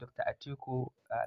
Dr. Atiku ah,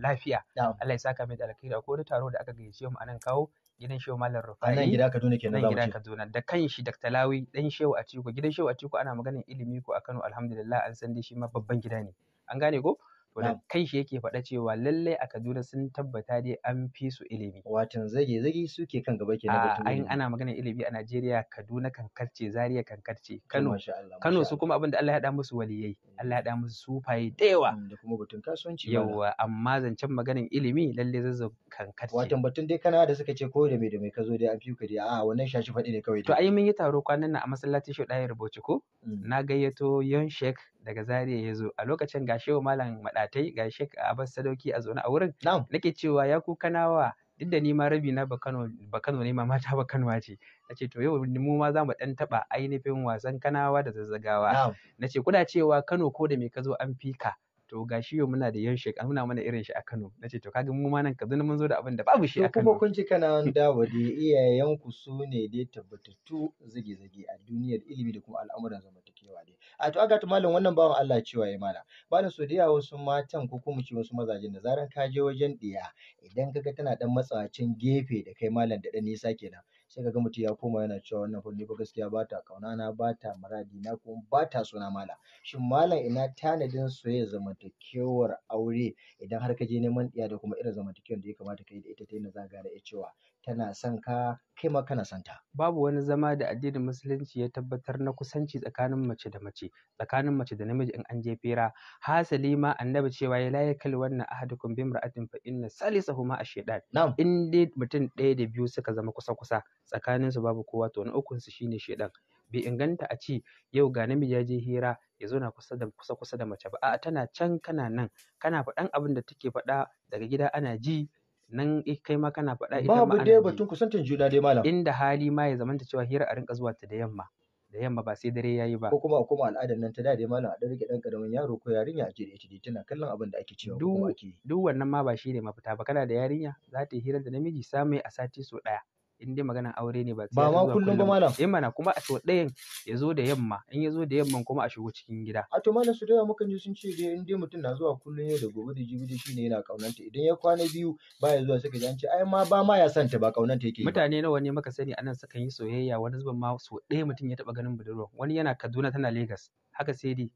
lafiya. Allah ya saka mai da alkhairi a wani taro da aka gayyace mu anan kawo gidan shehu Malam Rufai. Nan gida Kaduna kenan zamu ce. gida Kaduna da kanshi Dr. Lawi dan shehu Atiku gidan shehu Atiku ana maganar ilimi ko a Kano alhamdulillah an san dai shi ma babban gida ne. An gane ko? wanda kai shi yake faɗa cewa lallai a Kaduna sun tabbata dai an fi su ilimi watan zage zage suke kan gaba ke na batun ana magana ilimi a Najeriya Kaduna kankarce Zaria kankarce Kano Kano su kuma abin da Allah ya haɗa musu waliyai mm. Allah ya haɗa musu sufaye da yawa mm, da kuma batun kasuwanci amma zancen maganan ilimi lallai zazzau kankarce watan batun dai kana da suka ce ko da me da me ka zo dai an fi ka dai a wannan shashi faɗi ne kawai to ai mun yi taro kwanan nan a masallacin Shuɗayar Bauchi ko mm. na gayyato Yon Sheikh daga Zaria ya zo a lokacin gashewa malam Maɗa tai ga shek abas Sadauki a zaune a wurin nake cewa ya ku kanawa duk da ni ma rabi na ba Kano ne ma mata ba Kano ce nace to yau mu ma za mu dan taba ainihin wasan Kanawa da Zazzagawa nace kuna cewa Kano ko da me ka zo an fika to ga shi yau muna da yan shi muna mana irin shi a Kano Na ce to kaga mu ma nan zuna mun zo da abin da babu shi a Kano kuma kun ci kana dawo da iyayen ku su ne dai tabbatattu zage-zage a duniyar ilimi da kuma al'amuran zamantakewa dai a to aga malam wannan bawan Allah cewa ya mana malam so da yawa wasu matan ko kuma ce wasu mazajen da zaran ka je wajen diya idan ka ga tana dan matsawacin gefe da kai malam da dan nisa kenan sai kaga mutum ya koma yana cewa wannan fa ni fa gaskiya ba ta ƙauna na ba ta muradi na kuma ba ta so na mala shin malam ina tanadin soyayya zamantakewar aure idan har ka je neman ɗiya da kuma irin zamantakewar da ya kamata ka yi da ita ta yadda za ka gane cewa tana son ka kai ma kana son ta babu wani zama da addinin musulunci ya tabbatar na kusanci tsakanin mace da mace tsakanin mace da namiji in an je fira hasali ma annabi cewa ya layakal wannan ahadukum bi mar'atin fa inna salisahuma ash-shaytan in dai mutum ɗaya da biyu suka zama kusa kusa tsakaninsu babu kowa to na ukunsu shine shedan bai inganta a ce yau ga namiji ya je hira ya zauna kusa da kusa kusa da mace ba a'a tana can kana nan kana faɗan abin da take faɗa daga gida ana ji nan eh kai ma kana faɗa ita ma ana babu dai batun kusantar juna dai malam inda hali ma ya zamanta cewa hira a rinka zuwa ta da yamma da yamma ba sai dare yayi ba ko kuma kuma al'adar nan ta da dai malam a dare rike dan karamin yaro ko yarinya a jere ita tana kallon abin da ake cewa kuma ake duk wannan ma ba shine mafita ba kana da yarinya za ta yi hira da namiji samai a sati so daya in dai magana aure ne ba ba ma kullum ba malam eh mana kuma a sau ɗayan ya zo da yamma in ya zo da yamman kuma a shigo cikin gida a to malam su da yawa ji sun ce dai in dai mutum na zuwa kullum yau da gobe da jibi da shine yana kaunanta idan ya kwana biyu ba ya zuwa saka jance ai ma ba ma ya santa ba kaunanta yake mutane nawa ne muka sani anan sukan yi soyayya wani zuban ma sau ɗaya mutum ya taɓa ganin budurwa wani yana Kaduna tana Lagos haka sai dai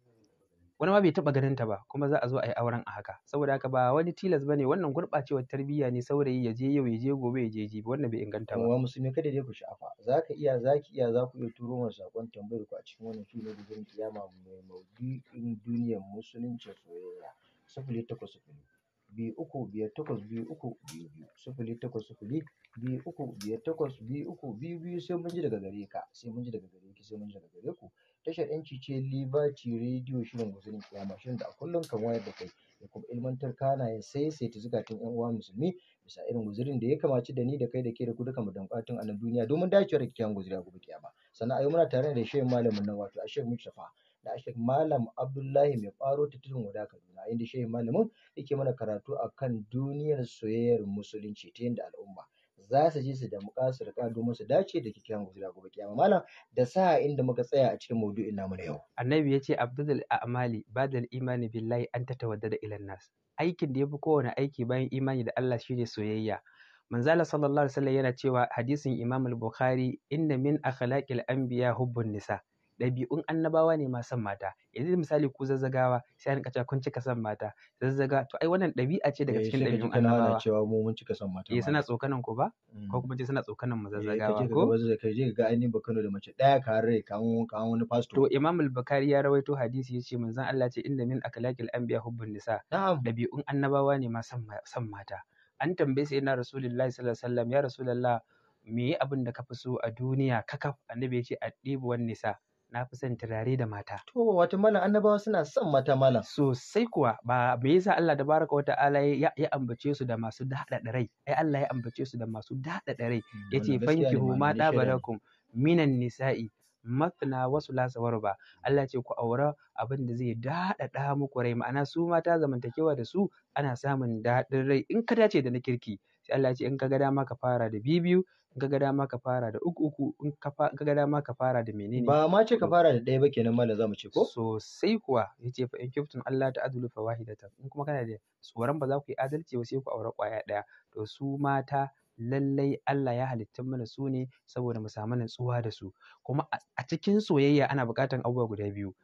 wani ma bai taɓa ganin ta ba kuma za a zo a yi auren a haka saboda haka ba wani tilas bane wannan gurɓacewar tarbiyya ne saurayi ya je yau ya je gobe ya je jibi wannan bai inganta ba. musulmi kada dai ku sha'afa za ka iya za ki iya za ku iya turo mana saƙon tambayar ku a cikin wannan fili na gurin kiyama mai maudu'in duniyar musulunci soyayya sifili takwas sifili biyu uku biyar takwas biyu uku biyu biyu sifili takwas sifili biyu uku biyar takwas biyu uku biyu biyu sai mun ji daga gare ka sai mun ji daga gare ki sai mun ji daga gare ku. Tashar ‘yanci ce Liberty rediyo shirin guzurin kiyama shirin da a kullum kan wayar da kai da kuma ilmantar kana ya ta zukatun ‘yan uwa musulmi bisa irin guzurin da ya kamaci da ni da kai da ke da ku duka mu da bukatun a duniya domin dacewar kyakkyawan guzuri a gobe kiyama. Sannan a yau muna tare da shehin malamin nan wato Ashek mustafa da Ashek Malam Abdullahi mai faro ta tudun wada Kaduna inda shehin malamin yake mana karatu akan duniyar soyayyar musulunci ta yadda al'umma za su je su damu su riƙa domin su dace da kyakkyawan gobe gobe kiyama malam da sa inda muka tsaya a cikin maudu'in namu na yau annabi yace abdul a'mali badal imani billahi an tatawaddada ila nas aikin da yafi kowane aiki bayan imani da Allah shine soyayya manzala sallallahu alaihi wasallam yana cewa hadisin imam al-bukhari inna min akhlaqil anbiya hubbun nisa ɗabi'un annabawa ne ma son mata yanzu misali ku zazzagawa sai an cewa kun cika son mata zazzaga to ai wannan ɗabi'a ce daga eh, cikin ɗabi'un annabawa cewa mu mun cika son mata eh suna tsokanan ku ba ko mm. kuma ce suna tsokanan mu eh, zazzagawa ko ka je ga ainihin bakano da mace ɗaya ka rai ka ka wani pastor to imam al-bukhari ya rawaito hadisi yace manzon Allah ce inda min akhlaqil anbiya hubbun nisa ɗabi'un annabawa ne ma son mata an tambaye sai na rasulullahi sallallahu alaihi wasallam ya rasulullah me yi abin da ka fi so a duniya kakaf annabi ya ce wan nisa na fi son turare da mata. To wato malam annabawa suna son mata malam. Sosai kuwa ba me yasa Allah baraka wa ta'ala ya, ya ambace su da masu daɗaɗa rai. Ai Allah ya ambace su da masu daɗaɗa rai. Hmm, ya ce, hu ma dabarakum minan nisa'i matna wasu lasawar ba Allah ce ku aura abin da zai daɗaɗa muku rai ma'ana su mata zamantakewa da su ana samun daɗin rai in ka dace da na kirki Allah ya ce in ka ga dama ka fara da biyu biyu in ka ga dama ka fara da uku uku in ka ga dama ka fara da menene ba ma ce ka fara da ɗaya ba kenan malam zamu ce ko sosai kuwa yace fa in kiftun Allah ta adulu fa wahidatan in kuma kana da tsoron ba za ku yi adalci ba sai ku aure ƙwaya ɗaya to su mata lallai Allah ya halitta mana su ne saboda mu samu natsuwa da su kuma a cikin soyayya ana buƙatar abubuwa guda biyu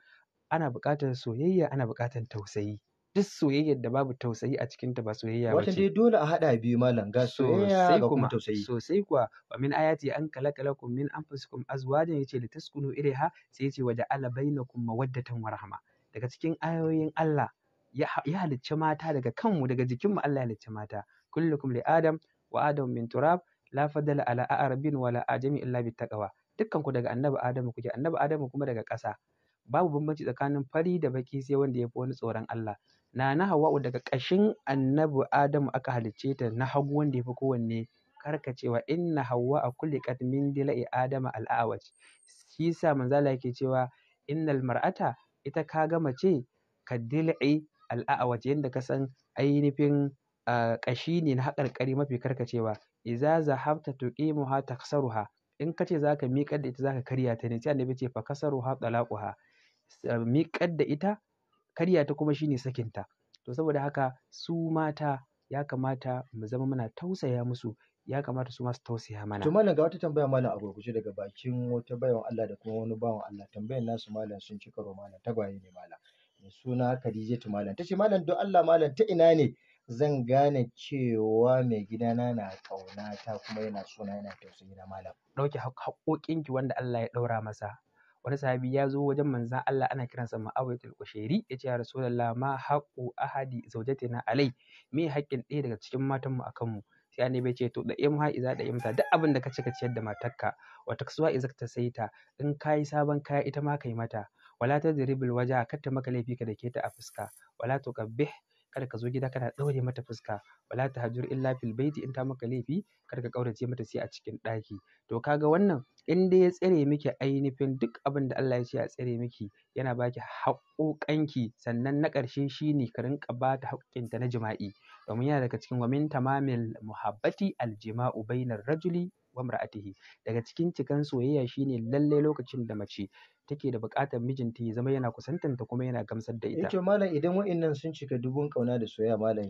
ana buƙatar soyayya ana buƙatar tausayi duk soyayyar da babu tausayi a cikinta ba soyayya ba ce. Wata dai dole a haɗa biyu malam ga soyayya ga kuma tausayi. Sosai kuwa wa min ayati an kun min anfusikum azwajan yace litaskunu ilaiha sai yace wa ja'ala bainakum mawaddatan wa rahma. Daga cikin ayoyin Allah ya halicci mata daga kanmu daga jikinmu Allah ya halicci mata. Kullukum li Adam wa Adam min turab la fadala ala arabin wala ajami illa taqwa Dukkan ku daga annabi Adamu kuke annabi Adamu kuma daga ƙasa. Babu bambanci tsakanin fari da baki sai wanda ya fi wani tsoron Allah. Nana Hawwa'u daga ƙashin Annabi Adamu aka halicce ta na hagu wanda yafi kowanne karkacewa inna kulli kat min dila'i Adama al'awaj shi sa manzo Allah yake cewa innal mar'ata ita ka ga mace ka dil'i al'awaj yanda ka san ainihin ƙashi ne na haƙarƙari mafi karkacewa idza zahabta tuqimuha taksaruha in kace zaka miƙar da ita zaka karya ta ne sai Annabi ce fa kasaruha talaquha miƙar da ita karya ta kuma shine sakinta to saboda haka su mata ya kamata mu zama muna tausaya musu ya kamata su masu tausaya mana. To malam ga wata tambaya malam a gurguje daga bakin wata bayan Allah da kuma wani bawan Allah tambayar nasu malam sun ci karo malam tagwaye ne malam. Mai suna Khadijatu malam tace malam don Allah malam ta ina ne zan gane cewa mai gidana na ƙauna ta kuma yana suna yana tausayi da malam. Ɗauke haƙoƙinki wanda Allah ya daura masa wani sahabi ya zo wajen manzan Allah ana kiransa Mu'awiyatul kusheri! ya ce ya Rasulullah ma haƙu ahadi zawjatina alai me haƙƙin ɗaya daga cikin matan mu akan mu sai annabi ce to da imha iza da imta duk abin da ka ci ka ciyar da matarka wata taksuwa iza ta saita in kayi sabon kaya ita ma ka yi mata wala tadribul waja kar ta maka laifi ka dake ta a fuska wala tuqabbih kada ka zo gida kana ɗaure mata fuska wala hajur illa fil baiti in ta maka laifi kada ka ƙaurace mata sai a cikin ɗaki to kaga wannan in dai ya tsare miki ainihin duk abin da Allah ya ce a tsare miki yana baki haƙoƙanki sannan na ƙarshe shine ka rinka ba ta haƙƙinta na jima'i domin yana daga cikin wamin tamamil muhabbati aljima'u bainar rajuli wa mar'atihi daga cikin cikan soyayya shine lalle lokacin da mace take da buƙatar mijinta ya zama yana kusantanta kuma yana gamsar da eh ita yake malam idan wa'annan sun cika dubun kauna da soyayya malam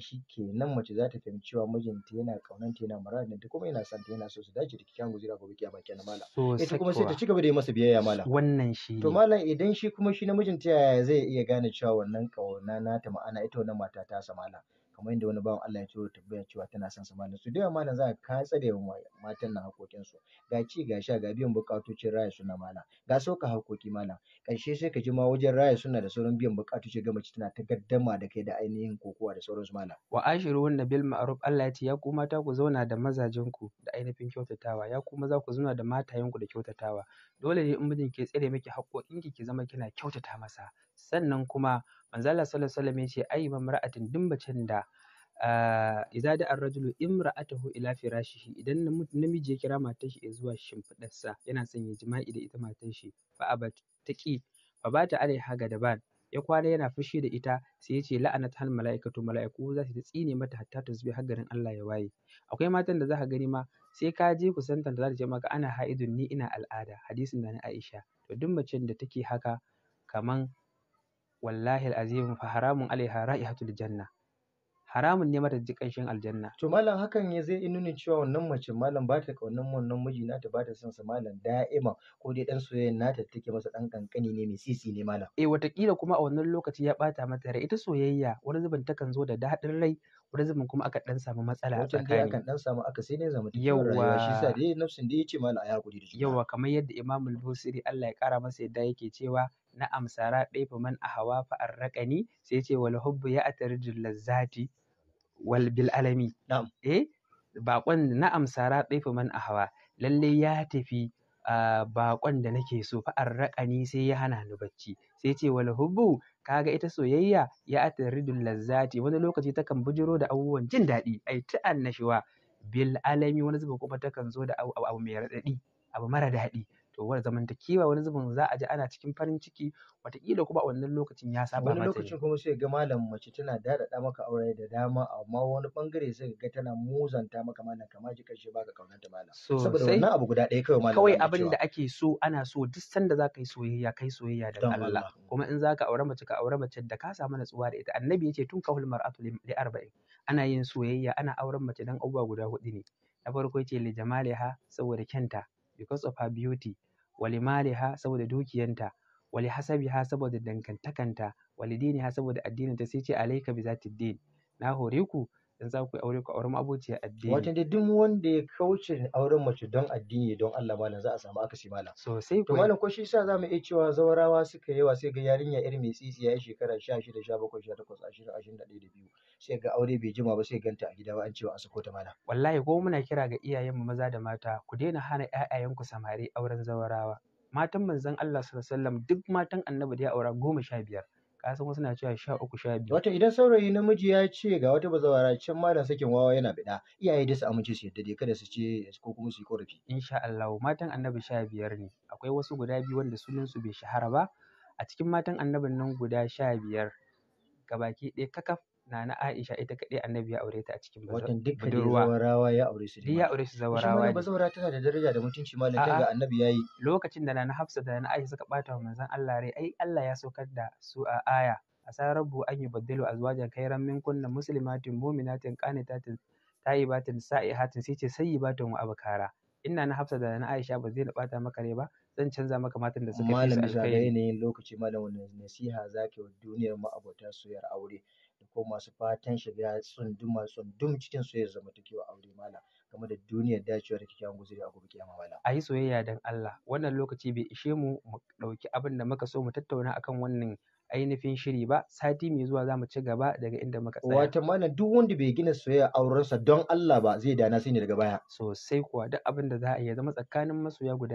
nan mace za ta fahimci cewa mijinta yana kaunanta yana muradinta kuma yana santa yana so su dace da kyan guzira gobe baki, na malam ita eh kuma sai ta cigaba da yi masa biyayya malam wannan shi to malam idan shi kuma shi namijin ta yaya zai iya gane cewa wannan kauna nata ma'ana ita wannan mata ta sa malam kamar yadda wani bawan Allah ya turo tambaya cewa tana son sa malam su da yawa malam za ka tsare wa matan nan hakokin su ga ci ga sha ga biyan bukatocin raya suna malam ga sauka haƙoƙi mala ƙarshe sai ka ji ma wajen raya suna da sauran biyan buƙatocin ga mace tana ta gaddama da kai da ainihin kokowa da sauransu malam wa ashiru wanda bil ma'ruf Allah ya ce ya ku mata ku zauna da mazajen ku da ainihin kyautatawa ya ku maza ku zauna da matayen ku da kyautatawa dole ne in mijinki ya tsare miki hakokin ki ki zama kina kyautata masa sannan kuma manzo Allah sallallahu alaihi wasallam yace ai mamra'atin duk macen da ah, idza da ar-rajulu imra'atuhu ila firashihi idan namiji ya kira matar shi zuwa shimfidarsa yana son ya jima'i da ita matar shi fa abat taqi fa bata alaiha gadaban ya kwana yana fushi da ita sai ya ce la'anat hal mala'ikatu mala'iku za su tsine mata hatta ta zubi har garin Allah ya waye akwai matan da za ka gani ma sai ka je ku kusantar da za ta ce maka ana ha'idun ni ina al'ada hadisin da na Aisha to duk macen da take haka kaman wallahi al'azim fa haramun alaiha ra'ihatul janna haramun ne mata shan aljanna to malam hakan ne zai nuna cewa wannan mace malam ba ta kaunan wannan miji ta ba ta son sa malam da'ima ko dai dan soyayya nata take masa ɗan kankani ne mai sisi ne malam eh watakila kuma a wannan lokaci ya ɓata mata rai ita soyayya wani zubin takan zo da daɗin rai wani kuma aka dan samu matsala a tsakani akan dan samu aka sai ne zama shi yasa dai nafsin dai yace mala ayi hakuri da shi yawa kamar yadda Imam al-Busiri Allah ya kara masa yadda yake cewa na amsara dai fa man hawa fa arraqani sai yace wal hubbu ya atarijul lazzati wal bil alami na'am eh baƙon na amsara dai fa man hawa lalle ya tafi ah, baƙon da nake so fa arraqani sai ya hana ni bacci sai yace wal hubbu Ka ga ita soyayya ya ridul lazzati wani lokaci takan bujiro da abubuwan jin daɗi ai ta annashuwa bil alami wani zuba kuma takan zo da abu mai raɗaɗi abu mara daɗi to zamantakewa wani zubin za a ji ana cikin farin ciki wataƙila kuma a wannan lokacin ya saba wani lokacin kuma sai ga malam mace tana daɗaɗa maka aure da dama amma wani bangare sai ga tana muzanta maka malam kamar ji ba baka kaunanta malam saboda wannan abu guda ɗaya kawai malam kawai abin da ake so ana so duk sanda za ka yi soyayya kai soyayya da Allah kuma in za ka aure mace ka aure mace da ka samu natsuwa da ita annabi yace tun kahul mar'atu li arba'in ana yin soyayya ana auren mace dan abubuwa guda hudu ne na farko yace li jamaliha saboda kyanta because of her beauty wali maliha saboda dukiyanta wali hasabiha saboda dangantakanta wali diniha saboda addininta sai ce alaika bi zati din na hore ku in za ku yi aure ku auri ma'abociyar addini wato da duk wanda ya kauce auren mace don addini don Allah malam za a samu akasi malam sosai to malam ko shi sa za mu iya cewa zawarawa suka yawa sai ga yarinya irin mai tsitsiya ya yi shekara sha sha shida bakwai sha takwas ashirin ashirin da biyu, sai ga aure bai jima ba sai ganta a gida ba an cewa a sako ta malam wallahi ko muna kira ga iyayenmu maza da mata ku daina hana ƴaƴayenku samari auren zawarawa matan manzon Allah sallallahu alaihi wasallam duk matan annabi da ya aura goma sha biyar kasan wasu na cewa sha uku sha biyu wato idan saurayi namiji ya ce ga wata bazawara can malam sakin wawa yana bida iyaye da su amince su yadda dai kada su ce ko kuma su yi korafi insha Allah matan annabi sha biyar ne akwai wasu guda biyu wanda sunan su bai shahara ba a cikin matan annabin nan guda sha biyar gabaki ɗaya kakaf Nana Aisha ita kaɗai annabi ya aure ta a cikin budurwa. dukkan zawarawa ya aure su. Ya aure su zawarawa. Shi bazawara tana da daraja da mutunci malam ga annabi yayi. Lokacin da Nana Hafsa da Nana Aisha suka bata wa manzon Allah rai ai Allah ya saukar da su a aya. Asarabu an yubaddalu azwajan min kunna muslimatin mu'minatin qanitatin tayyibatin sa'ihatin sai ce sayyibatin wa abkara. Inna na Hafsa da Nana Aisha ba zai bata maka rai ba zan canza maka matan da suka fi su kai. Malam da ga yanayin lokaci malam wannan nasiha zaka yi wa duniyar ma'abota soyar aure. ko masu fatan shiga tsunduma tsundum cikin soyayyar zamantakewa aure malam game da duniyar dacewa da kyakkyawan guzuri a gobe kiyama malam a yi soyayya dan Allah wannan lokaci bai ishe mu mu ɗauki abin da muka so mu tattauna akan wannan ainihin shiri ba sati mai zuwa zamu ci gaba daga inda muka tsaya wato malam duk wanda bai gina soyayya aurensa don Allah ba zai dana sai ne daga baya sosai kuwa duk abin da za a yi zama tsakanin masoya guda